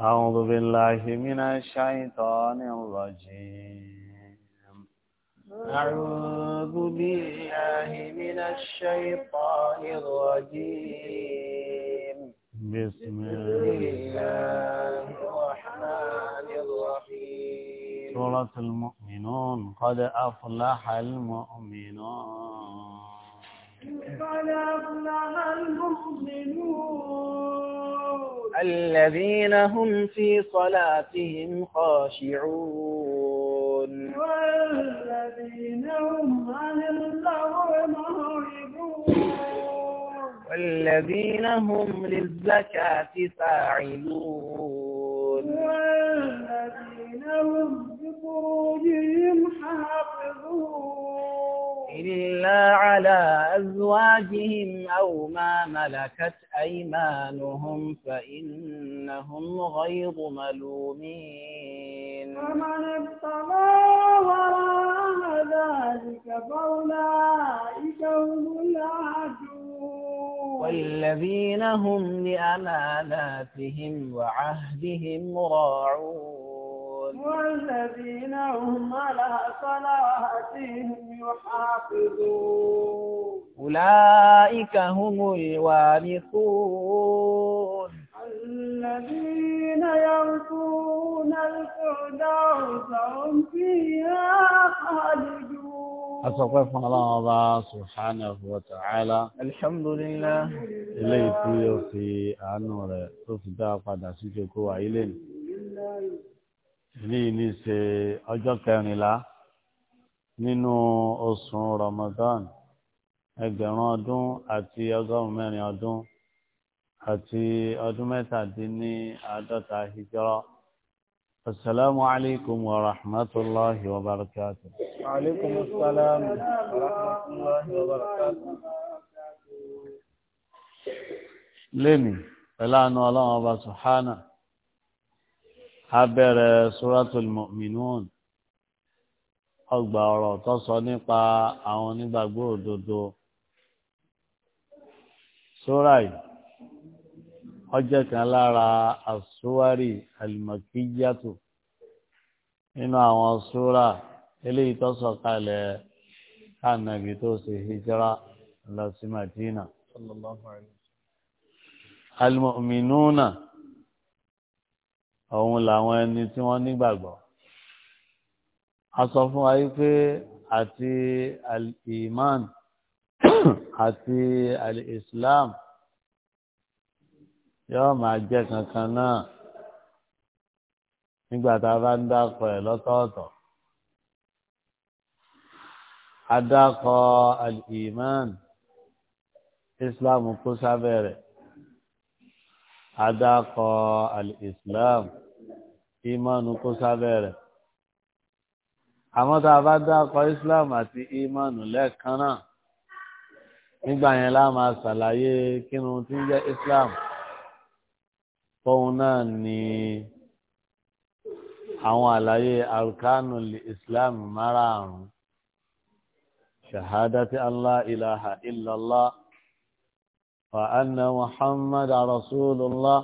أعوذ بالله من الشيطان الرجيم أعوذ بالله من الشيطان الرجيم بسم الله الرحمن الرحيم سورة المؤمنون قد أفلح المؤمنون قد أفلح المؤمنون الذين هم في صلاتهم خاشعون والذين هم عن الله معرضون والذين هم للزكاة فاعلون والذين هم بفروجهم حافظون إلا على أزواجهم أو ما ملكت أيمانهم فإنهم غير ملومين فمن ابتغى وراء ذلك فأولئك هم العدو والذين هم لأماناتهم وعهدهم راعون والذين هم على صلاتهم يحافظون أولئك هم الوارثون الذين يرثون الفردوس هم فيها خالدون Asọ̀pẹ́ fún Ọlọ́run ọba Subhanahu wa ta'ala. Alhamdulillah. Ilé ìfí ó fi àánú rẹ̀ tó fi dá padà sí jòkó àílẹ̀ eléyìí ní ṣe ọjọ́ kẹrìnlá nínú oṣù Ramadan ẹgbẹ̀rún ọdún àti ọgọ́rùn-ún mẹ́rin ọdún àti ọdún mẹ́tàdínní àádọ́ta hijira. السلام عليكم ورحمة الله وبركاته وعليكم السلام ورحمة الله وبركاته لمي فلان الله سبحانه abẹ́rẹ́ suratul mu'minun ọgbà ọ̀rọ̀ tó sọ nípa àwọn onígbàgbọ́ òdodo sura yìí ọjọ́ kan lára àsúwárì alimakiyatu nínú àwọn sura eléyìí tó sọ kalẹ̀ kánàbì tó ṣe hijira lọ sí madina. alimu'minuna. òun làwọn ẹni tí wọ́n nígbàgbọ́ a sọ fún wa wípé àti al-iman àti al-islam yóò máa jẹ́ kankan náà nígbà tá a bá ń dákọ ẹ̀ lọ́tọ̀ọ̀tọ̀ a dákọ al-iman islam kó sábẹ́ rẹ̀ adákọ̀ alìsílám ìmánu kó sábẹ́ rẹ̀. àmọ́ tá a bá dákọ̀ islam àti ìmánu lẹ́ẹ̀kan náà nígbà yẹn la máa ṣàlàyé kínú tí ń jẹ́ islam fóun náà ni àwọn àlàyé arkanu islam márààrún shahadati allah ilaha illallah. وأن محمد رسول الله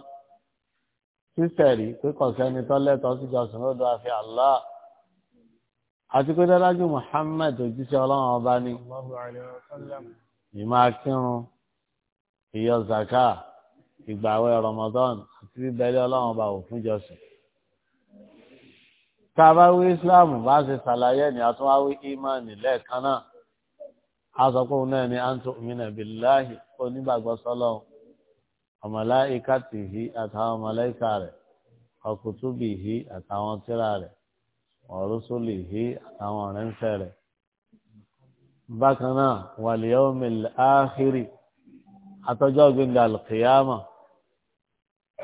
sísẹ̀rí pé kọ̀sẹ́ni tọ́lẹ́tọ̀ sí jọsìn ló dọ́ àfi Allah àti pé dájú Muhammad òjíṣẹ́ ọlọ́run ọba ni ìmọ̀ akírun ìyọ zaka ìgbàwẹ̀ Ramadan àti bíbélé ọlọ́run ọba ò fún jọsìn. tá a bá wí Islam bá ṣe ṣàlàyé ni a tún wá wí imani lẹ́ẹ̀kan náà a sọ pé òun náà ni antu mina billahi kó nígbàgbọ́ sọ́lọ́ ọmọláìkàtìhì àtàwọn ọmọláìkà rẹ̀ ọkùtùbìhì àtàwọn tírà rẹ̀ ọ̀rùsùlìhì àtàwọn ọ̀rẹ́ńsẹ̀ rẹ̀. bákan náà wàlíọ́mì áhírì àtọ́jọ́ gbẹ̀ngà alkiyama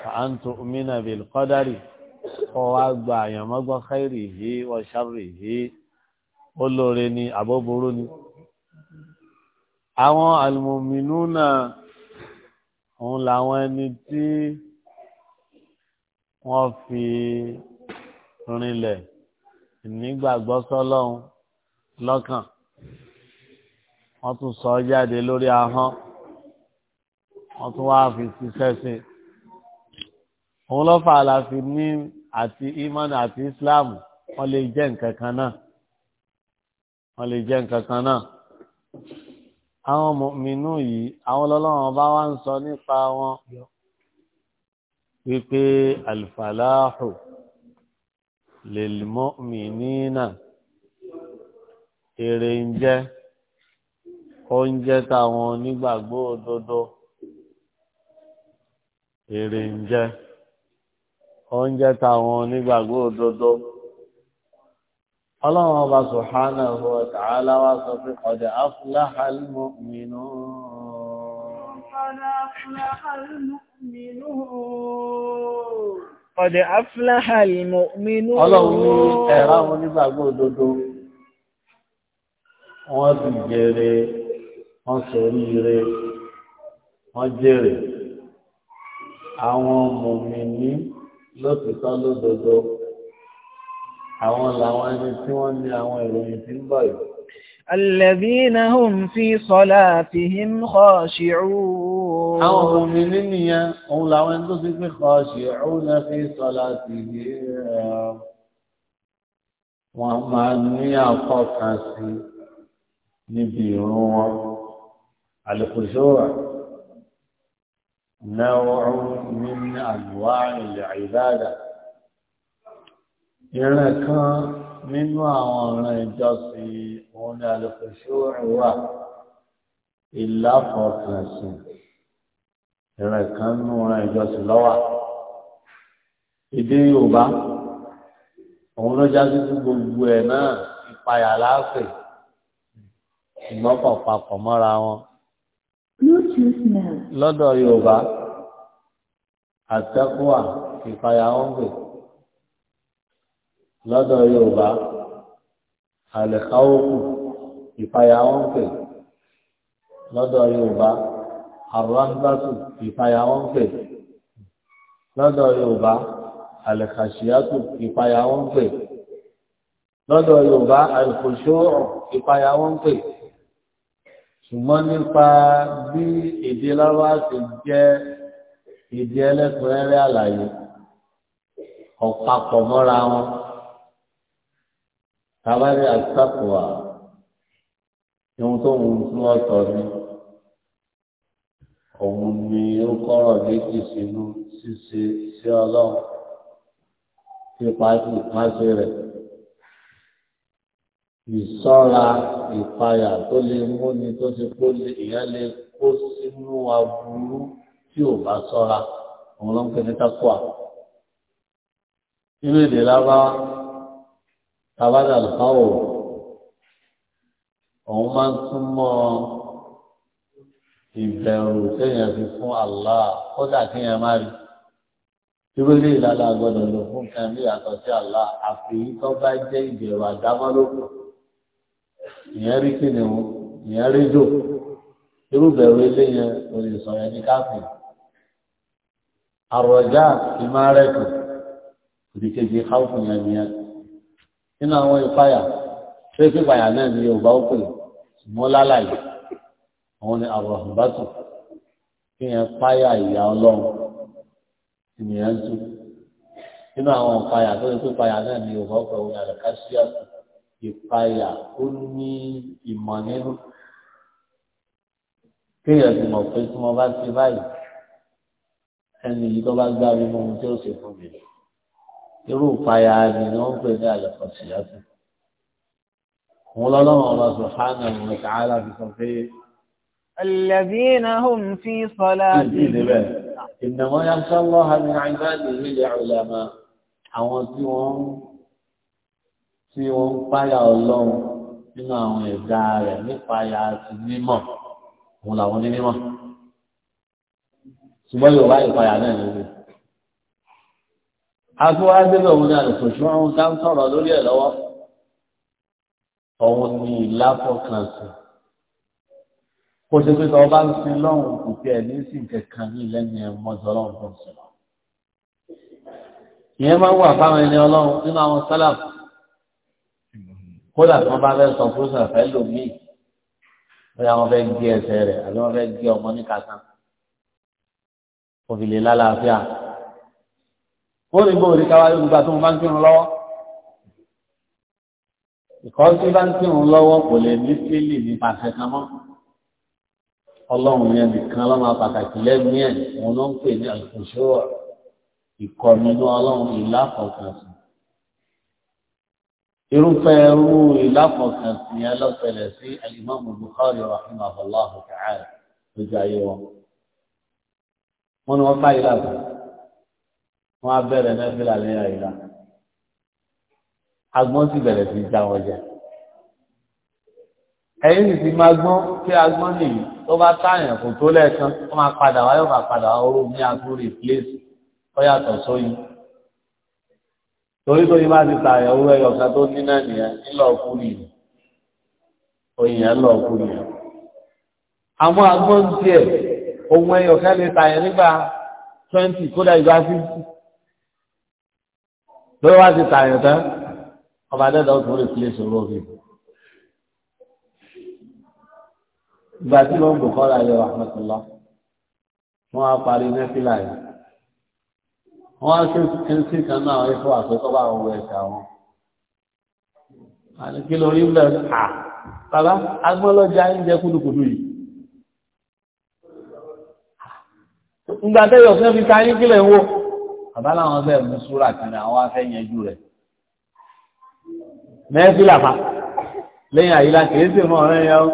fa'antu umina bil qadari kọ́ wá gba àyànmọ́gbọ́n khairihi wa sharrihi ó lóore ni àbóboró ni àwọn àlùmọ̀mìnú náà òun làwọn ẹni tí wọ́n fi rinlẹ̀ nígbàgbọ́ sọ́lọ́hun lọ́kàn wọ́n tún sọ jáde lórí ahọ́n wọ́n tún wá fi ṣiṣẹ́ sí òun lọ́fà àlàfi ní àti imani àti islam wọ́n lè jẹ́ nǹkan kan náà wọ́n lè jẹ́ nǹkan kan náà àwọn mọ̀mìnú yìí àwọn ọlọ́run bá wá ń sọ nípa wọn wípé alfaláhù lèlmọ́mìnínà èrè ń jẹ́ oúnjẹ táwọn onígbàgbọ́ òdodo èrè ń jẹ́ oúnjẹ táwọn onígbàgbọ́ òdodo ọlọ́run ọba subhanahu wa ta'ala wá sọ pé qad aflaha al-mu'minun qad aflaha al-mu'minun ọlọ́run ẹ̀rọ àwọn onígbàgbọ́ òdodo wọ́n sì jèrè wọ́n ṣoríire wọ́n jèrè àwọn mùmìnì lótìtọ́ lódodo àwọn làwọn ẹni tí wọ́n ní àwọn ìròyìn tí ń bọ̀ yìí. Alladhina hum fi salatihim khashi'un. Àwọn òmì nínú yẹn, òun làwọn ẹni tó ti pé khashi'un fi salatihim. Wọ́n máa ní àfọkànsí níbi ìrun wọn. Al-khushu' naw'un min anwa'i al-'ibadah. ìran kan nínú àwọn ọ̀ràn ìjọsìn òun ni àlùfẹ́ṣọ́ wà ìláfọ̀kànsìn ìran kan nínú ọ̀ràn ìjọsìn lọ́wà èdè Yorùbá òun ló já sí gbogbo ẹ̀ náà ìpayà láàfẹ̀ ṣùgbọ́n pọ̀ papọ̀ mọ́ra wọn lọ́dọ̀ Yorùbá àtẹ́kùwà ìpayà ọ̀gbìn lọ́dọ̀ yorùbá àlẹ́káwókù ìpayà wọn pè lọ́dọ̀ yorùbá àrùrámbásù ìpayà wọn pè lọ́dọ̀ yorùbá àlẹ́kàṣíyàtù ìpayà wọn pè lọ́dọ̀ yorùbá àlùkòṣóòrò ìpayà wọn ṣùgbọ́n nípa bí èdè lọ́wọ́ ti jẹ́ èdè ẹlẹ́kùnrẹ́rẹ́ àlàyé ọ̀pàpọ̀ mọ́ra wọn tabari asakwa ohun tó ń tú ọ̀tọ̀ ni òun ni ó kọrọ méjì sínú ṣíṣe sí Ọlọ́run nípa ìpàṣẹ rẹ ìṣọ́ra ìpayà tó lè múni tó ti kó lè ìyá lè kó sínú aburú tí ò bá ṣọ́ra òun ló ń pè ní takwa nínú èdè lábáwá tàbádà lùfáwò òun máa ń túmọ̀ ìbẹ̀rù téèyàn fi fún Allah kódà kéèyàn má rí irú ilé ìlànà àgbọ̀dọ̀ lò fún kan bí yàtọ̀ sí Allah àfi tó bá jẹ́ ìbẹ̀rù àdámọ́lòpọ̀ ìyẹn rí kìnìún ìyẹn rí jò irú bẹ̀rù ilé yẹn ò lè sọ yẹn ní àròjà ìmárẹ̀kù òdìkejì káfíìn yẹn nìyẹn nínú àwọn ìpayà tó kí ìpayà náà ní Yorùbá ó pè mọ́ lálàyé àwọn ni àròhùnbátùn kí yẹn páyà ìyá ọlọ́run ènìyàn tún nínú àwọn ìpayà tó kí ìpayà náà ní Yorùbá ó pè wọn àrẹ káṣíà ìpayà ó ní ìmọ̀ nínú kí yẹn ti mọ̀ pé tí mo bá ti báyìí ẹni yìí tó bá gbá mi mú ohun tí ó ṣe fún mi irú ìpayà ni wọ́n gbé ní àyọ̀kọ̀ síyàtọ̀. Òun lọ́lọ́run ọba Sùhánà ìwọ̀n tààlà fi sọ pé. Alladhina hum fi salati. Innama yakhsha Allaha min ibadihi al-ulama. Àwọn tí wọ́n tí wọ́n ń páyà ọlọ́run nínú àwọn ẹ̀dá rẹ̀ nípayà ti mímọ̀. Òun làwọn ní mímọ̀. Ṣùgbọ́n Yorùbá ìpayà náà nínú agbóhádébẹ òun náà lè kòṣù àwọn ká ń sọ̀rọ̀ lórí ẹ lọ́wọ́ òun ni ìláfọkànsìn kò sí pé tọ́ bá ń sin lọ́run kò tiẹ̀ ní sí kankan ní lẹ́nu ẹ̀ mọ́jọ lọ́run tó ń sọ. ìyẹn máa ń wà fáwọn ẹni ọlọ́run nínú àwọn sálàf kódà tí wọ́n bá fẹ́ sọ fúrúsà fẹ́ lò míì wọ́n fẹ́ gé ẹsẹ̀ rẹ̀ àbí wọ́n fẹ́ gé ọmọ ní kàtà òfìlè wọ́n lè bóòlì káwá yóò gbà tó ń bá ń kírun lọ́wọ́ ìkọ́ tí bá ń kírun lọ́wọ́ kò lè ní sílì nípa kankan mọ́ ọlọ́run yẹn nìkan lọ́mọ pàtàkì lẹ́nu yẹn òun ló ń pè ní àìkúṣọ́ ìkọ̀mínú ọlọ́run ìláfọ̀kànsì irúfẹ́ irú ìláfọ̀kànsì yẹn lọ́sẹ̀lẹ̀ sí alimami Bukhari rahimahullahu ta'ala lójú ayé wọn wọn ni wọn fáyìí lábẹ́ wọ́n á bẹ̀rẹ̀ nẹ́fìlà lẹ́yìn àyíká agbọ́n sì bẹ̀rẹ̀ sí já wọn jẹ ẹ̀yìn sì ti máa gbọ́n pé agbọ́n nìyí tó bá táyàn kò tó lẹ́ẹ̀kan wọ́n máa padà wá yóò máa padà wá oró ní àtúrò ìpléèsì tó yàtọ̀ sóyin torí tó yí bá ti tààyàn owó ẹyọ kan tó ní náà nìyẹn nílò ọkú nìyẹn oyin lọ kú nìyẹn àmọ́ agbọ́n tiẹ̀ ohun ẹyọ kan lè tààyàn nígbà twenty kódà ìgbà fifty lórí wá sí tààyàn tán ọba dẹ́dọ̀ tó lè fi èso lórí. ìgbà tí wọ́n bò kọ́ra yọ àmọ́tòlá wọ́n á parí nẹ́fìlà yìí wọ́n á ṣe ń sí kan náà ẹ̀fọ́ àtọ́kọ́ bá wọn wẹ̀ ẹ̀ka wọn. àní kí lórí bẹ́ẹ̀ à bàbá agbọ́lọ́jà ń jẹ kúdùkúdù yìí. ìgbà tẹ́yọ̀ fẹ́ fi ta yín kílẹ̀ ń bàbá làwọn bẹ́ẹ̀ mú súrà kan àwọn afẹ́ yanjú rẹ̀ mẹ́fìlà fa lẹ́yìn àyílá kìí sì mọ́ ọ̀rẹ́ yẹn o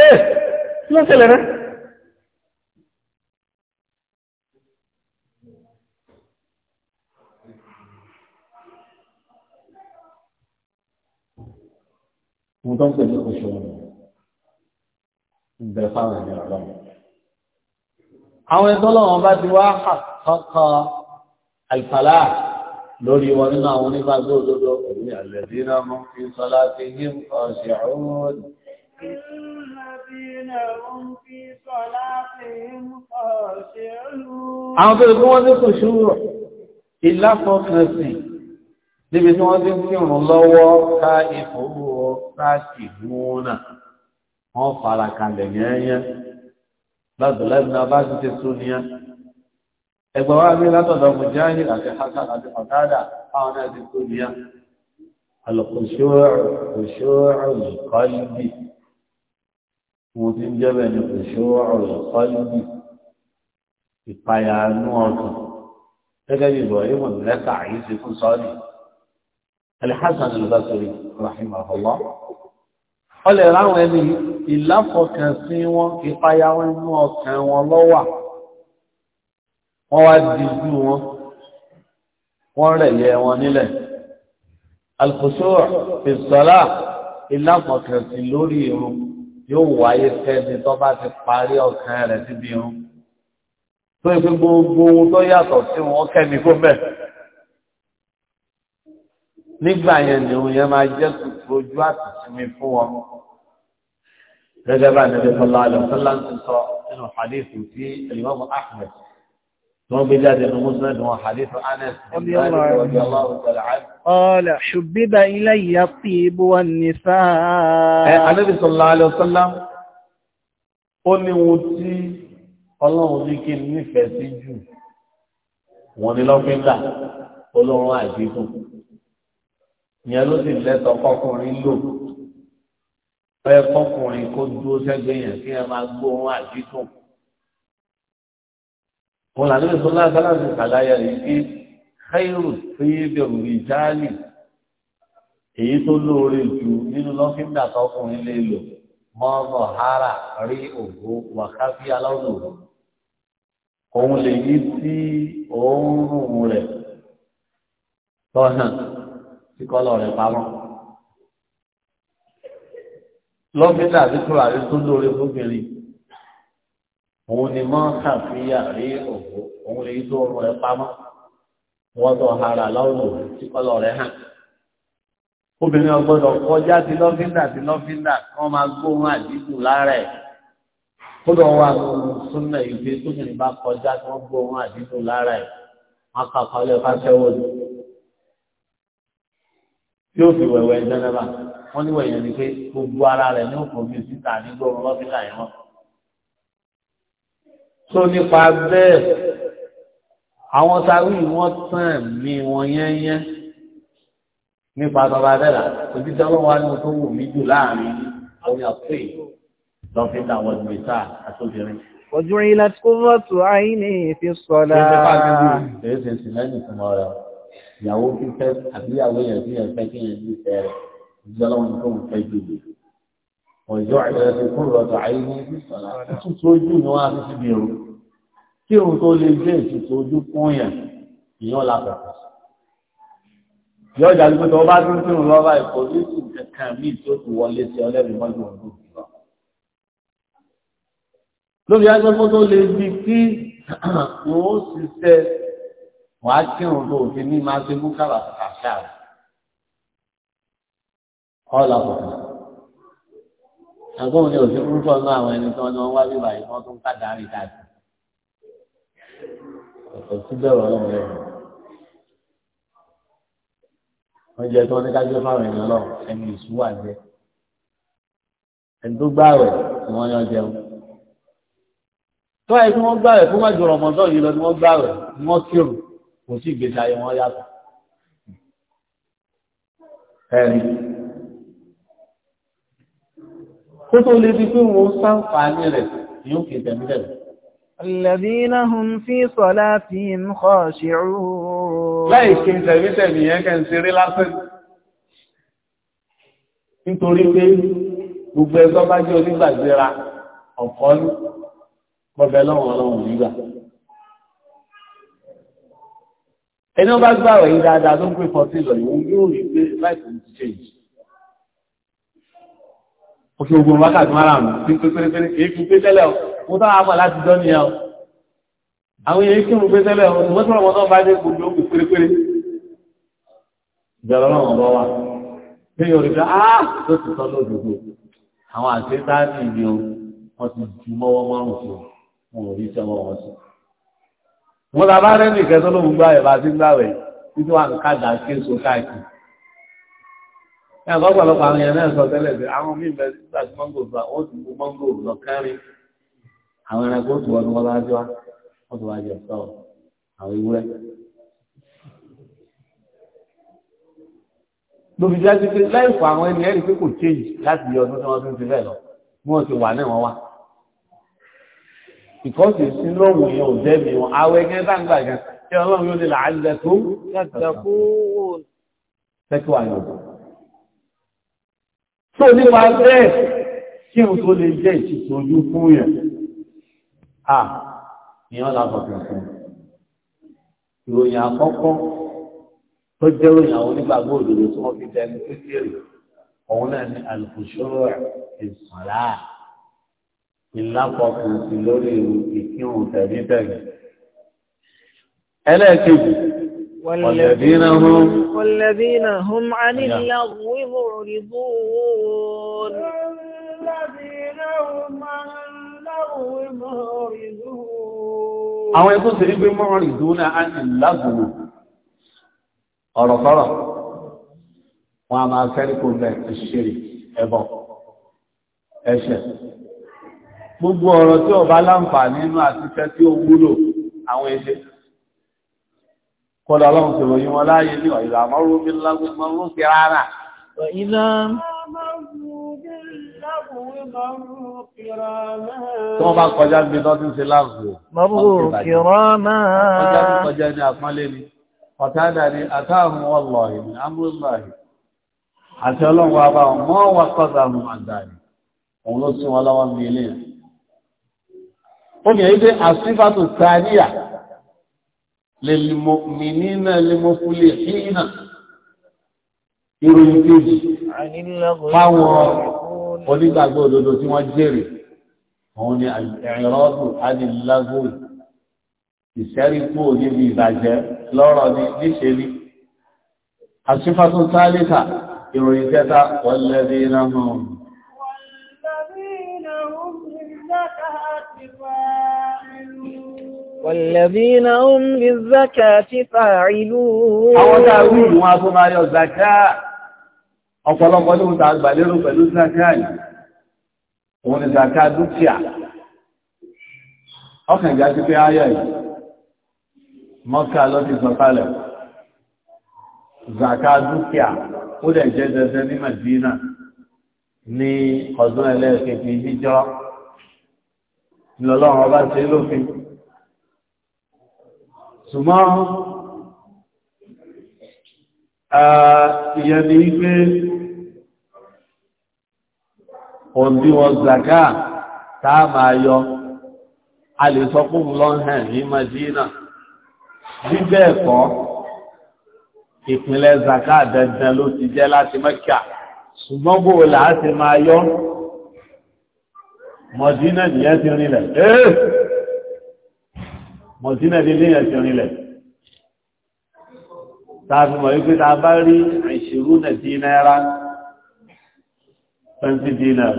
ee kí ló ṣẹlẹ̀ rẹ̀. mo tó ń pè ní oṣù ọ̀nà ìbẹ̀rẹ̀ fáwọn ènìyàn lọ́wọ́. àwọn ẹ̀tọ́ lọ́wọ́ bá ti wá kàkọ́ àìsàlá lórí wọn nínú àwọn onígbàgbọ́ òdodo òní àlẹ́dínà mọ́ fi sọlá ti ní ọ̀sẹ̀ ọ̀hún. Àwọn tó kí wọ́n ní kò ṣúrọ̀, ìláfọ́kànsìn, níbi tí wọ́n ti ń kírun lọ́wọ́ ká ìfòwò káàkì múnà, wọ́n fara kalẹ̀ yẹ́yẹ́, lọ́dọ̀lẹ́bìnà bá ti ti sún ní ẹgbẹ̀ wá rí látọ̀dọ̀ mujahid àti hassan àti ọ̀dádà àwọn náà ti kó níyà alùkòṣòrò kọlùbì mo ti ń jẹ́bẹ̀ ní kòṣòrò kọlùbì ìpayànú ọkàn gẹ́gẹ́ bí ìbọ̀ ìmọ̀ lẹ́tà yìí ti fún sọ́ọ̀lì alhassan al-basri rahimahullah ọlẹ̀ ráwọn ẹni ìláfọkànsí wọn ìpayà wọn inú ọkàn wọn lọ́wà wọ́n wá dìjú wọn wọ́n rẹ̀ yẹ wọn nílẹ̀ alkùsùrù ìsọ́lá ìlàkọ̀kẹ̀sì lórí irun yóò wáyé fẹ́ni tó bá ti parí ọkàn rẹ̀ síbi irun tó ìpín gbogbo ohun tó yàtọ̀ sí wọn kẹ́mi kó bẹ̀ nígbà yẹn ni òun yẹn máa jẹ́ tuntun ojú àtìsinmi fún wọn gẹ́gẹ́ bá nílẹ̀ fọlá àlọ́ fọlá ń sọ nínú hadith ti Imam Ahmed ثم بجاد المسند وحديث أنس رضي الله تعالى عنه قال حبب إلي الطيب والنساء النبي صلى الله عليه وسلم ó ní ohun tí ọlọ́run ní kí n nífẹ̀ẹ́ sí jù wọ́n ní lọ́fíńdà olóorun àdínkù ìyẹn ló sì lẹ́tọ̀ kọkùnrin lò ó yẹ kọkùnrin kó dúró sẹ́gbẹ̀ẹ́ yẹn kí ẹ máa gbóhùn àdínkù wọn làbí ìsọlá sáláàbí kàláyà yìí pé khairu sí bẹ̀rù ìjáàlì èyí tó lóore jù nínú lọ́fíńdà tọkùnrin lè lò mọ́ọ̀nà hara rí ògbó wàkàfí aláwòrán òun lè yí sí òórùn rẹ̀ tọ́hàn tí kọ́lọ̀ rẹ̀ pamọ́. lọ́fíńdà tí kúrò àrí tó lóore fóbìnrin òun ni mọ́ kàfíyà rí òkú òun lè tó ọrùn rẹ pamọ́ wọ́n tó hara lọ́wọ́ tí kọ́lọ̀ rẹ hàn. obìnrin ọgbọ́dọ̀ kọjá ti lọ́fíńdà ti lọ́fíńdà kán máa gbóhùn àdínkù lára ẹ̀ kódà wà lóhun súnmọ ìgbé tóbìnrin bá kọjá tí wọn gbóhùn àdínkù lára ẹ̀ wọn kà kọlẹ fáṣẹwò ni yóò fi wẹ̀wẹ̀ jẹnẹba wọn ní wẹ̀yẹ̀ ni pé gbogbo ara rẹ̀ ní òkùnfin síta nígbà lọ́fíńdà yẹn wọn tó nípa bẹ́ẹ̀ àwọn sáwí wọ́n tàn mí wọn yẹ́yẹ́ nípa tọba bẹ́ẹ̀lá òjíṣẹ́ ọlọ́wọ́ ni mo tó wù mí jù láàrin àwọn àpè lọ́fíńdà wọn ìwé sáà àtòbìnrin. Ọjọ́ ilẹ̀ tí kó rọ́tù àìní fi sọ́lá. Ṣé ń bá gbé bí ṣe ń sin lẹ́yìn fún ọ̀rọ̀? Ìyàwó fífẹ́ àbíyàwó yẹn fi ẹ̀fẹ́ kí yẹn ní ìfẹ́ rẹ̀. Ìjọba wọn tó ń fẹ́ jù lè ọjọ́ ìrẹsì kúrọ̀tà àìní ìsọ̀lá tútù ojú ni wọ́n á ti bí irun kí òun tó lè gbé ìtútù ojú fún yẹn ìyàn lápapọ̀ yọjà gbogbo ọba tó ń kírun lọ́ba ìfọ̀lẹ́sì kankan míì tó ti wọlé sí ọlẹ́rìí mọ́jú ọdún lórí agbẹ́fọ́ tó lè di kí wọ́n ó ṣiṣẹ́ wàá kírun tó òfin ní máa ṣe mú kàràkàṣà rẹ̀ ọ̀làbọ̀tàn àgbọn ni òsì púpọ̀ náà àwọn ẹni tó ń lọ wá bíbá yìí wọ́n tún kàdá rí káàdì ọ̀sẹ̀ tí bẹ̀rù ọlọ́run lẹ́nu wọ́n jẹ́ tí wọ́n ní kájú fáwọn ènìyàn lọ ẹni ìṣú wà jẹ́ ẹni tó gbààwẹ̀ ni wọ́n yàn jẹun tó ẹ tí wọ́n gbààwẹ̀ fún mẹ́jọ rọmọdọ́ yìí lọ ni wọ́n gbààwẹ̀ ni wọ́n kírun kò sí ìgbésí ayé wọn yàtọ̀ kó tó lè di pé wọ́n sáǹfààní rẹ̀ yóò kè tẹ̀mí tẹ̀mí. الذين هم في صلاتهم خاشعون لا يمكن تبيت بيان كان سيري لاسن nítorí pé gbogbo ẹgbẹ́ bá jẹ́ onígbàgbéra ọ̀pọ̀ ní bọ́bẹ̀ lọ́wọ́ ọlọ́run nígbà ẹni wọ́n bá gbàwẹ̀ yìí òfin ogun wákàtí márùn-ún ní pépérépéré èéfì pé tẹ́lẹ̀ ọ mo tọ́ àwọn láti dán ní ẹ ọ àwọn èyí kí mo pé tẹ́lẹ̀ ọ mo tọ́ ọmọ náà bá dé gbogbo òkú pérépéré ìjọba náà wọ́n bọ́ wa pé yorùbá dá á tó ti sọ lódodo àwọn àti táàbì ìdí o wọ́n ti ju mọ́wọ́ márùn sí wọn ò rí sẹ́wọ́ wọn sí. mo tàbá rẹ́ nìkẹ́ tó lóun gbá ẹ̀ bá ti gbá ẹ̀ títí wà ń ká dà èso káàkiri ní àkọ́pọ̀lọpọ̀ àwọn èèyàn náà sọ tẹ́lẹ̀ pé àwọn míì bẹ nígbà tí mọ́ngò bá wọ́n ti mú mọ́ngò lọ kárí àwọn ẹranko tó wọnú wọn lájọ wọn tó wájú ọ̀sọ́ àwọn ewúrẹ́. lóbi jáde pé láìpọ̀ àwọn ẹni ẹ̀rí pé kò change láti yọ ọdún tí wọ́n tún ti bẹ́ẹ̀ lọ bí wọ́n ti wà náà wọ́n wá. ìkọ́sì sínú òun yẹn ò dẹ́mi wọn àwọn ẹgbẹ́ bá gan kí ọlọ́run yóò tó nípa bẹ́ẹ̀ kí o tó lè jẹ́ ìṣìṣẹ́ ojú fún yẹn à ní ọ̀la fún ìròyìn àkọ́kọ́ tó jẹ́ ròyìn àwọn onígbàgbọ́ òdòdó tí wọ́n fi dẹni tó kéré òun náà ní alùpùsọ́rọ̀ ìsọ̀rá ìlápọ̀kùn lórí ìkírun tẹ̀mítẹ̀mí ẹlẹ́ẹ̀kejì والذين هم والذين هم عن اللغو معرضون والذين هم عن اللغو معرضون àwọn ẹkùn sí gbé mọ́rin dúnà á ní lágbùmù ọ̀rọ̀kọ́rọ̀ wọn a máa fẹ́rí kò bẹ̀ ìṣẹ́rì ẹbọ ẹ̀ṣẹ̀ gbogbo ọ̀rọ̀ tí ó bá láǹfà àti tẹ́ ó wúlò àwọn ẹ̀ṣẹ̀ kọ́dọ̀ ọlọ́run ti ròyìn wọn láàyè ní ọ̀yà mọ́rú bí lágún mọ́rú sí rárá. ìlà tí wọ́n bá kọjá gbé náà tí ń ṣe láàbù. mọ́rú kìrọ́mà. kọjá ní kọjá ní àpọ́nlé ni ọ̀tádà ni àtàhùn ọlọ́ọ̀hì ni amúláhì àti ọlọ́run wa bá wọn mọ́ wà kọ́sà mú àgbàrí òun ló sún wọn lọ́wọ́ mi ilé. ó yẹ wípé àsífàtò sáníyà للمؤمنين المفلحين ìròyìn kejì fáwọn onígbàgbọ́ òdodo tí wọ́n jèrè òun ni ìrọ́dù adìlágò ìṣẹ́ríkú níbi ìbàjẹ́ lọ́rọ̀ ní níṣẹ́lí àṣífàtún tálíkà ìròyìn kẹta wọ́n lẹ́dí náà والذين هم للزكاة فاعلون àwọn tá wí wọ́n tó máa yọ zakat ọ̀pọ̀lọpọ̀ ló tá gbà lérò pẹ̀lú zakat wọ́n ní zakat dúkìá ọkàn ja ti pé aya yìí Mọ́kà ló ti sọ̀kalẹ̀ zakat dúkìá ó dẹ̀ jẹ́ dandan ní Madina ní ọdún ẹlẹ́ẹ̀kejì hijra lọ́lọ́run ọba ṣe lófin ṣùgbọ́n ìyẹn ni òǹdíwọ̀n zaka táà máa yọ a lè sọ fún lọ́nhẹ̀n ní Madina bíbẹ̀ ẹ̀kọ́ ìpínlẹ̀ zaka dandan ló ti jẹ́ láti Mẹ́kà ṣùgbọ́n bó láti máa yọ Madina nìyẹn ti rinlẹ̀ mọ̀tínà lílé yẹn ti rinlẹ̀ tààbí mọ̀ wípé ta bá rí àìṣirú nà dí náírà 20 dinar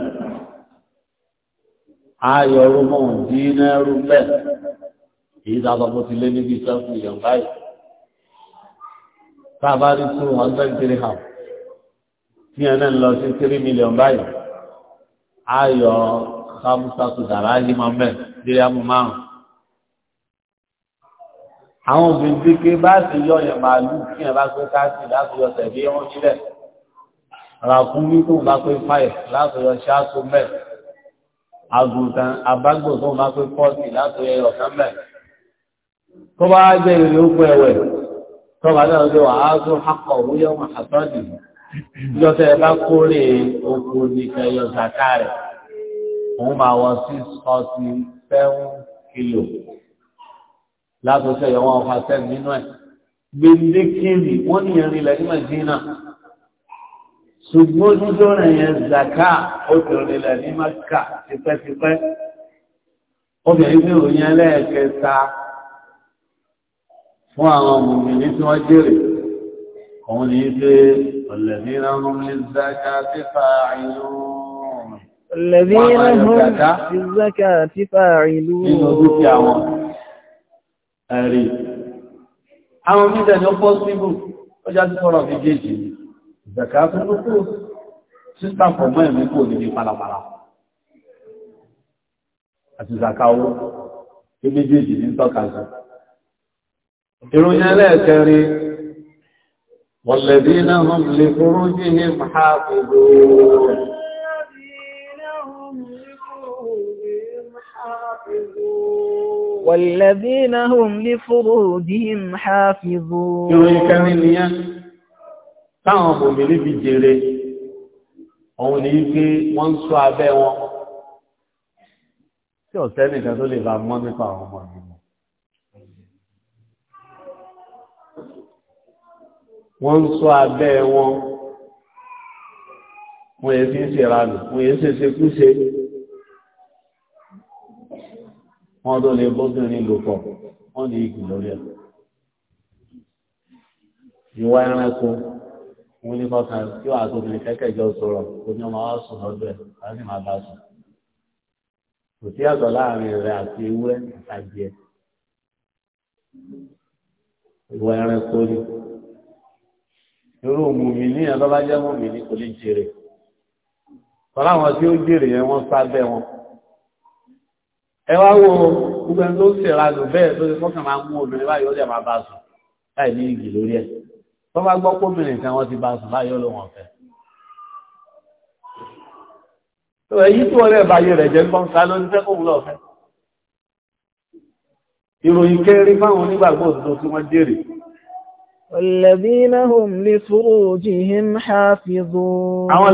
ayọ̀rú mọ̀ dí náírù mẹ́ èyí dáadọ́ mọ́ ti lé níbi sẹ́fù yẹn báyìí ta bá rí 200 dirham tí ẹ̀ náà lọ sí 3 million báyìí ayọ̀ hamsa tó dára yìí máa mẹ́ dírí àmú márùn-ún àwọn obìnrin kékeré bá sì yọ yẹn màálù kí yẹn bá pé káàsì láti yọ tẹ̀lé wọn sílẹ̀ ràkúnmí tó bá pé fáìf láti yọ ṣáàtó mẹ́ àgùntàn abágbò tó bá pé pọ́ọ̀tì láti yọ ọ̀kan mẹ́ tó bá jẹ́ ìrìn ogun ẹ̀wẹ̀ tó bá náà lè wà á tún akọ̀ òwúyẹ́ wọn àtọ́jì yọtẹ̀ ẹ bá kórè oko nìkan yọ zaka òun máa wọ six forty seven kilo látọ̀sẹ̀ yọ wọn ọ̀fà sẹ́ẹ̀ nínú ẹ̀ gbèdékìlì wọ́n ní ìrìn ilẹ̀ ní Mẹ́dínà ṣùgbọ́n dúdú rẹ̀ yẹn zaka obìnrin ilẹ̀ ní Mẹ́kà tipẹ́tipẹ́ obìnrin ní òyìn ẹlẹ́ẹ̀kẹta fún àwọn mùmìnì tí wọ́n jèrè òun ní pé ọ̀lẹ̀míràn ọmọ ní zaka pípa ìlú ọ̀lẹ̀míràn ọmọ ní zaka pípa ìlú ẹ̀rí àwọn mídẹ̀ ni ó pọ́ síbù ó já sí sọ́rọ̀ méjèèjì ìgbẹ̀ká fún lókò sísà pọ̀ mọ́ ẹ̀mí kò ní ní palapala àti ìzàká owó tí méjèèjì ní tọ́ka sí ìròyìn ẹlẹ́ẹ̀kẹrin والذين هم لفروجهم حافظون والذين هم لفروجهم حافظون ìròyìn kẹrin nìyẹn táwọn bòmìnì fi jèrè òun ni wípé wọ́n ń sọ abẹ́ wọn tí ọ̀sẹ́ nìkan tó lè bá mọ́ nípa àwọn ọmọ ìgbìmọ̀ wọ́n ń sọ abẹ́ wọn wọ́n èé fi ń ṣèrànù wọ́n èé ṣe ṣe kúṣe wọ́n tó lè bóbìnrin lò pọ̀ wọ́n ní ìgbì lórí ẹ̀. ìwà ẹranko wọn ní kọkàn tí wàá tóbi kẹ́kẹ̀jọ sọ̀rọ̀ kò ní ọmọ wa sùn lọ́dọ̀ ẹ̀ wọ́n sì máa bá sùn. kò sí ẹ̀tọ́ láàrin rẹ̀ àti ewúrẹ́ àtàjẹ. ìwà ẹranko ni irú mùmí ní ẹ̀ lọ́ba jẹ́ mùmí ní kò lè jèrè. kọ́lá àwọn tí ó jèrè yẹn wọ́n sábẹ́ wọn ẹ wá wo gbogbo ẹni tó ń ṣèrà lò bẹ́ẹ̀ tó ti fọ́kàn máa mú obìnrin báyìí ó dẹ̀ máa bá sùn láì ní igi lórí ẹ̀ tó bá gbọ́ pómìnrin kan wọ́n ti bá sùn báyìí ó ló wọ̀n fẹ́. èyí tí wọ́n rẹ̀ báyìí rẹ̀ jẹ́ gbọ́n ká ló ń fẹ́ kóun lọ fẹ́. ìròyìn kẹrin fáwọn onígbàgbọ́ òdodo tí wọ́n jèrè. الذين هم لفروجهم حافظون àwọn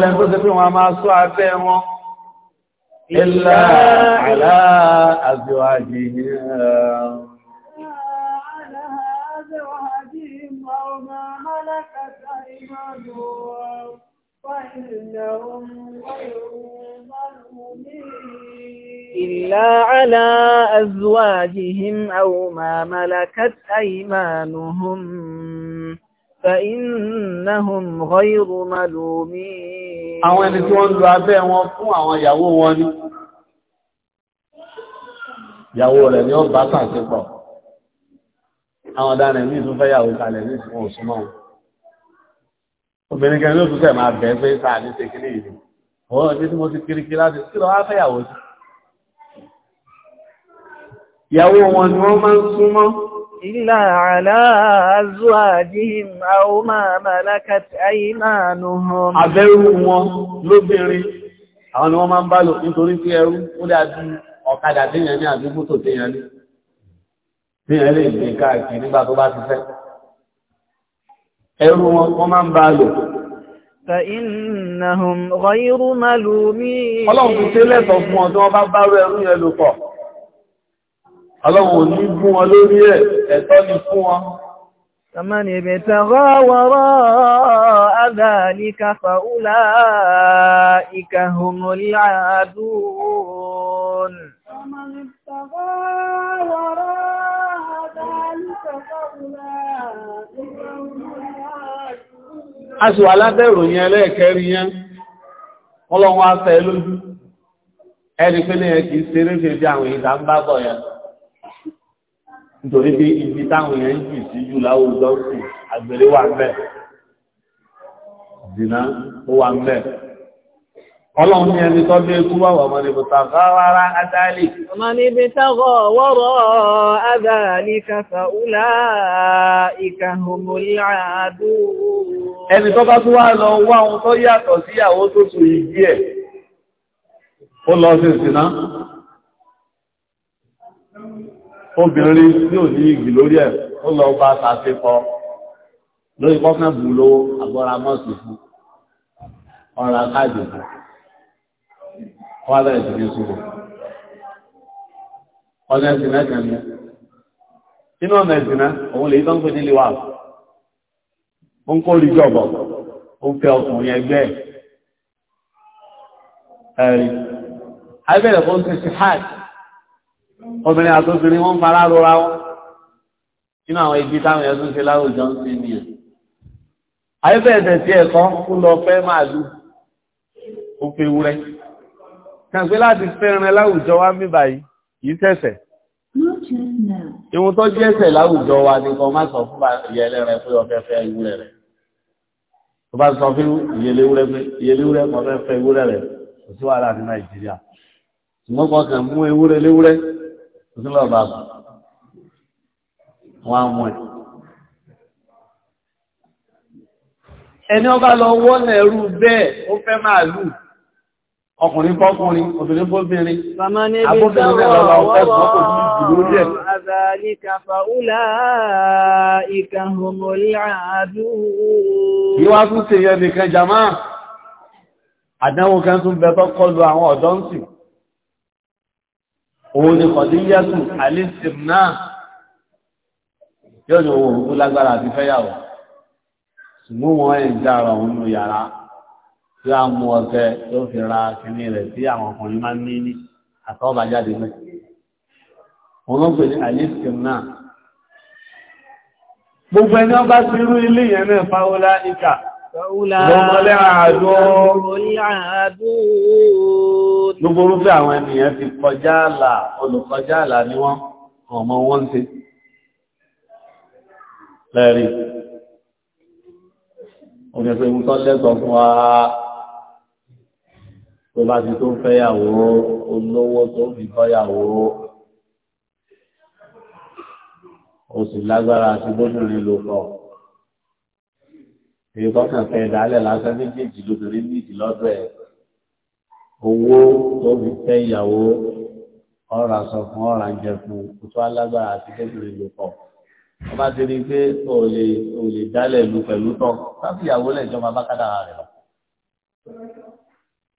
إلا على أزواجهم أو ما ملكت أيمانهم فإنهم إلا على أزواجهم أو ما ملكت أيمانهم فإنهم غير ملومين àwọn ẹni tí wọ́n ń lo abẹ́ wọn fún àwọn ìyàwó wọn ni ìyàwó rẹ̀ ni ó bá tàṣí pọ̀ àwọn ọ̀daràn ní ìtún fẹ́yàwó kalẹ̀ ní ìsìnkú òsúnmọ́ wọn obìnrin kẹrin ló tún tẹ̀ máa bẹ̀ pé sáà ní ṣekílẹ̀ ìlú ọ̀rọ̀ ní tí mo ti kiri kiri láti kí lọ wá fẹ́yàwó sí ìyàwó wọn ni wọ́n máa ń súnmọ́ إلا على أزواجهم أو ما ملكت أيمانهم Abẹ́rù wọn lóbìnrin, àwọn ni wọ́n máa ń bá lò nítorí pé ẹrú ó dájú ọ̀kadà téèyàn ní àdúgbò tó téèyàn ní. Téèyàn lè gbé káàkiri nígbà tó bá ti fẹ́. Ẹrú wọ́n máa ń bá lò. فإنهم غير ملومين. Ọlọ́run ti ṣe lẹ́tọ̀ọ́ fún ọ tí bá rú ẹrú yẹn lò pọ̀ ọlọ́run ní gún wọn lórí ẹ̀ ẹ̀tọ́ ni fún wọn Tàmánì ibẹ̀ tàrọ wọ́rọ̀ àdáníkà fàúlà ìkà hùmùlì àdúrún. Tàmánì tàrọ wọ́rọ̀ àdáníkà fàúlà ìkà hùmùlì àdúrún. A sì wà lábẹ́ ìròyìn yẹn, wọ́n lọ wọ́n lójú. Ẹni pé ní ẹ kìí ṣeré fi bí àwọn ìdá ń bá bọ̀ yẹn nítorí pé ibi táwọn èèyàn ń jù sí jù láwùjọ sùn àgbèrè wà ńbẹ̀ ìdìnnà ó wà ńbẹ̀ ọlọ́run ní ẹni tó bí ikú wà wọ́n ní bùtàkọ́ rárá adáàlì. ọmọ níbi tọ́gọ̀ wọ́rọ̀ adáàlì kàfà úlà ìkà hùmùláàdù. ẹni tó bá tún wá lọ wá ohun tó yàtọ̀ síyàwó tó so yìí ẹ̀ ó lọ sí ìsìná obìnrin tí ò ní igi lórí ẹ̀ ó lọ bá tàṣe kọ lórí kọ́kàn bù lówó àgbọ́ra mọ́ọ̀sì fún ọ̀rọ̀ káàdì fún wàhálà ìdílé sọ̀rọ̀ ọ̀nà ìsìnà kan ní inú ọ̀nà ìsìnà òun lè tán pé nílé wà ó ń kó rí jọ̀bọ̀ ó fẹ́ ọkùnrin ẹgbẹ́ ẹ̀rí abẹ́rẹ̀ fún ti ṣe hajj obìnrin àtòbìnrin wọ́n ń fara rora wọn nínú àwọn ibi táwọn èèyàn tún ṣe láwùjọ ń sin nìyẹn ayébẹ̀ẹ̀dẹ̀ sí ẹ̀kọ́ kú lọ fẹ́ máa lù ó fi wúrẹ́ kàǹpé láti fẹ́ràn láwùjọ wa mí báyìí yìí tẹ̀sẹ̀ ìwọ̀n tó jẹ́ ẹ̀sẹ̀ láwùjọ wa ni kan má sọ fún ìyá ẹlẹ́rẹ̀ pé ọ̀fẹ́ fẹ́ ìwúrẹ́ rẹ̀ tó bá sọ fún ìyẹlẹ́wúrẹ́ pé ìyẹlẹ́wúrẹ́ kan fẹ́ fẹ́ ìwúrẹ́ rẹ̀ kò sí wàhálà ní Nàìjíríà ṣùgbọ́n kan kàn mú ewúrẹ́ léwúrẹ́ òtún lọ bá bà wọn á mú ẹ. ẹni ọba lọ wọ́nà ẹrú bẹ́ẹ̀ ó fẹ́ máa lù ọkùnrin fọ́kùnrin obìnrin fóbìnrin abóbìnrin náà lọ́wọ́ ọ̀fẹ́ sọ́kò ní ìdúró jẹ́. yíwá tún ṣe yẹn nìkan jàmáà àdánwò kan tún bẹ tó kọlu àwọn ọ̀dọ́ ń sìn òun ni kọ̀díyàtù alísìm náà yóò ní owó òun lágbára àti fẹ́yàwó ṣùgbọ́n wọn ẹ̀ ń dára òun nù yàrá tí a mú ọ̀fẹ́ tó fi ra kìíní rẹ̀ tí àwọn ọkùnrin máa ń ní ní àtọ́ba mẹ́. òun ló pè ní alísìm náà gbogbo ẹni ọba ti rú ilé yẹn náà fáwọlá ìkà lọ́mọlẹ́ àádọ́ gbogbo orúfẹ́ àwọn ènìyàn ti kọjá àlà olùkọjá àlà ni wọ́n ọmọ wọ́n ti lẹ́rí ọ̀gẹ̀fẹ́ mú tọ́lẹ́tọ̀ fún wa tó bá ti tó fẹ́yàwó olówó tó fi kọ́yàwó o sì lágbára àti bóbìnrin ló kọ èyí tọ́kàn fẹ́ lásán méjèèjì lóbìnrin nídìí lọ́dọ̀ ẹ̀ owó tó fi fẹ́ ìyàwó ọ̀rọ̀ sọ fún ọ̀rọ̀ àjẹ fún òtún alágbára àti kébìnrin ló pọ̀ wọ́n bá ti rí i pé o lè dálẹ̀ lu pẹ̀lú tọ̀ láti ìyàwó lẹ́jọ́ máa bá kádàrà rẹ̀ lọ.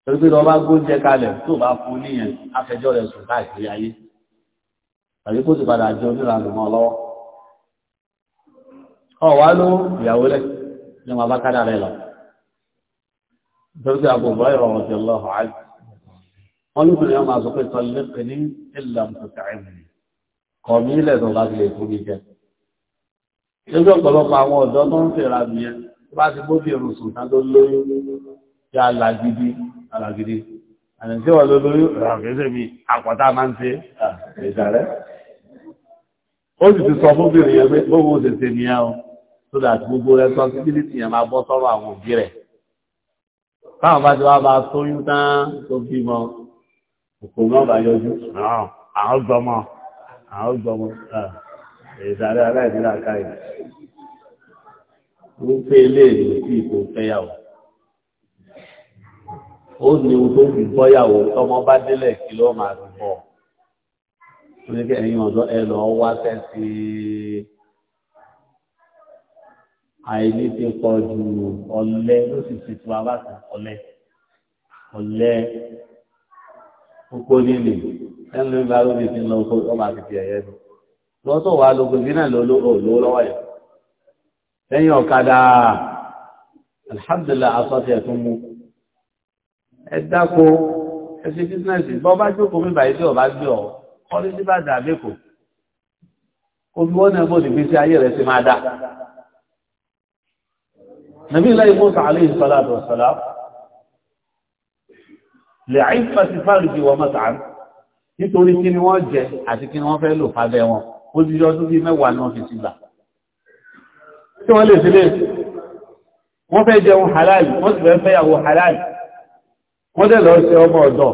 torí pé bá gbóúnjẹ kalẹ̀ tó bá fún níyẹn afẹjọ́ rẹ̀ sùn káàkiri ayé tàbí kó padà jẹ mọ́ lọ́wọ́. ọ̀ wá ló ìyàwó lẹ̀ ní máa bá kádàrà rẹ̀ lọ. torí pé àbùkù wọ́n ní ìpínlẹ̀ máa sọ pé tọ́lẹ́pẹ̀ ní ìlànà tàìmì kọ̀ mí ilẹ̀ tó bá tilẹ̀ fún mi jẹ. lójú ọ̀pọ̀lọpọ̀ àwọn ọ̀dọ́ tó ń fèrà mi ẹ tó bá ti gbóbi ẹ̀rù sùn tán tó lóyún ya alagidi alagidi àyànjẹ́ wà lóyún ràfẹ́sẹ̀ mi àpọ̀tá máa ń ṣe ìdàrẹ́. ó sì ti sọ fún bìrì yẹn pé gbogbo òṣèṣe ni ẹ o tó dà gbogbo responsibility yẹn máa bọ́ sọ́rọ̀ àwọn òbí rẹ̀. táwọn bá ti wá bá tóyún tán tó bímọ òkú náà bá yọjú àwọn gbọmọ àwọn gbọmọ ìsàlẹ̀ aláìsílẹ̀ àkáyì ń pè lè ní sí ìkó fẹ́yàwó ó ní ohun tó fi bọ́yàwó tọmọ bá délẹ̀ kí ló máa fi bọ̀ ó ní kí ẹ̀yin ọ̀dọ́ ẹ lọ wá sẹ́sì àìní ti pọ̀ ju ọ̀lẹ ó sì ti tu abáta ọ̀lẹ ọ̀lẹ oko nílé ẹnu ló ń bá lóbi sí lọ oko ọmọ àtìkì ẹ̀yẹ ni wọ́n tó wà lóko sí náà lọ́wọ́ lọ́wọ́ yẹn lẹ́yìn ọ̀kadà alhamdulilah asọ́tì ẹ̀ tó mú ẹ dáko ẹ ṣe bísínẹ́sì bọ́ bá jókòó mi báyìí tí ọba gbé ọ kọ́lé sí bàdà àbẹ́kọ̀ọ́ omi wọn náà bọ́ọ̀dì gbèsè ayé rẹ̀ ti máa dá nàbí ilẹ̀ ìmọ̀sán alayhi salatu wa salam lè àìfà sí fàríjì wọ mọ́sàn nítorí kí ni wọ́n jẹ àti kí ni wọ́n fẹ́ lò fábẹ́ wọn ó ti yọ tún bí mẹ́wàá náà fi sígbà tí wọ́n lè sílé wọ́n fẹ́ jẹun halal wọ́n sì fẹ́ fẹ́yàwó halal wọ́n dẹ̀ lọ sí ọmọ ọ̀dọ̀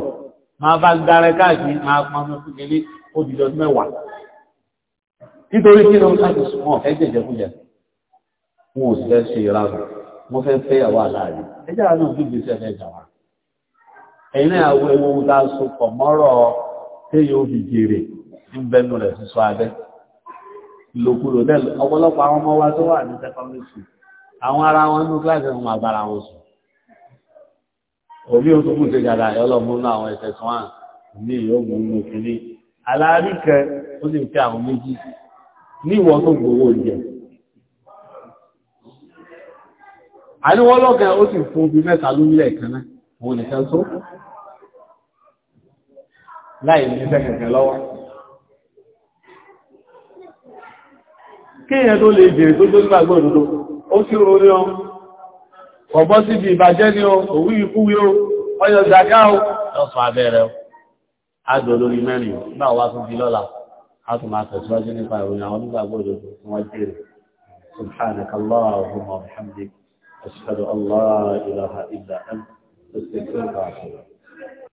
máa bá dára káàkiri máa pọnmọ́ fún kele ó ti yọ mẹ́wàá nítorí kí ni wọ́n láti sùnmọ́ ẹ jẹjẹ fúnjẹ wọn ò sì fẹ́ ṣe ìranù wọ́n fẹ́ fẹ́yàwó aláàrí ẹjẹ́ àánú ẹ̀yìn náà àwọn ewu ta so pọ̀ mọ́rọ̀ tí yóò fi jèrè ń bẹnu rẹ̀ sísọ abẹ́ ìlòkulò bẹ́ẹ̀ ọ̀pọ̀lọpọ̀ àwọn ọmọ wa tó wà ní secondary school àwọn ara wọn nínú kíláàsì wọn máa bára wọn sùn òbí o tó kù ṣe gàdá ọlọ́mú náà àwọn ẹsẹ̀ sùn hàn ní ìyóò mú un kìíní aláàrí kan ó sì ń fẹ́ àwọn méjì ní ìwọ tó gbowó jẹ àníwọ́lọ́kẹ́ ó sì fún bí mẹ́ta lórílẹ̀ kan náà wo nìkan tó láì ní fẹ́ kẹ̀kẹ́ lọ́wọ́ kéèyàn tó lè jèrè tó tó gbàgbọ́ òdodo ó sí orí ọ ọ̀bọ́ sí ibi ìbàjẹ́ ni ọ òwú ikú wí ó ọyọ zàká ó lọ́sùn abẹ́rẹ́ ó àjò lórí mẹ́rin náà wá tún di lọ́la a tún máa tẹ̀síwájú nípa ìròyìn àwọn onígbàgbọ́ òdodo tí tó ṣe tó bá a sọ̀rọ̀.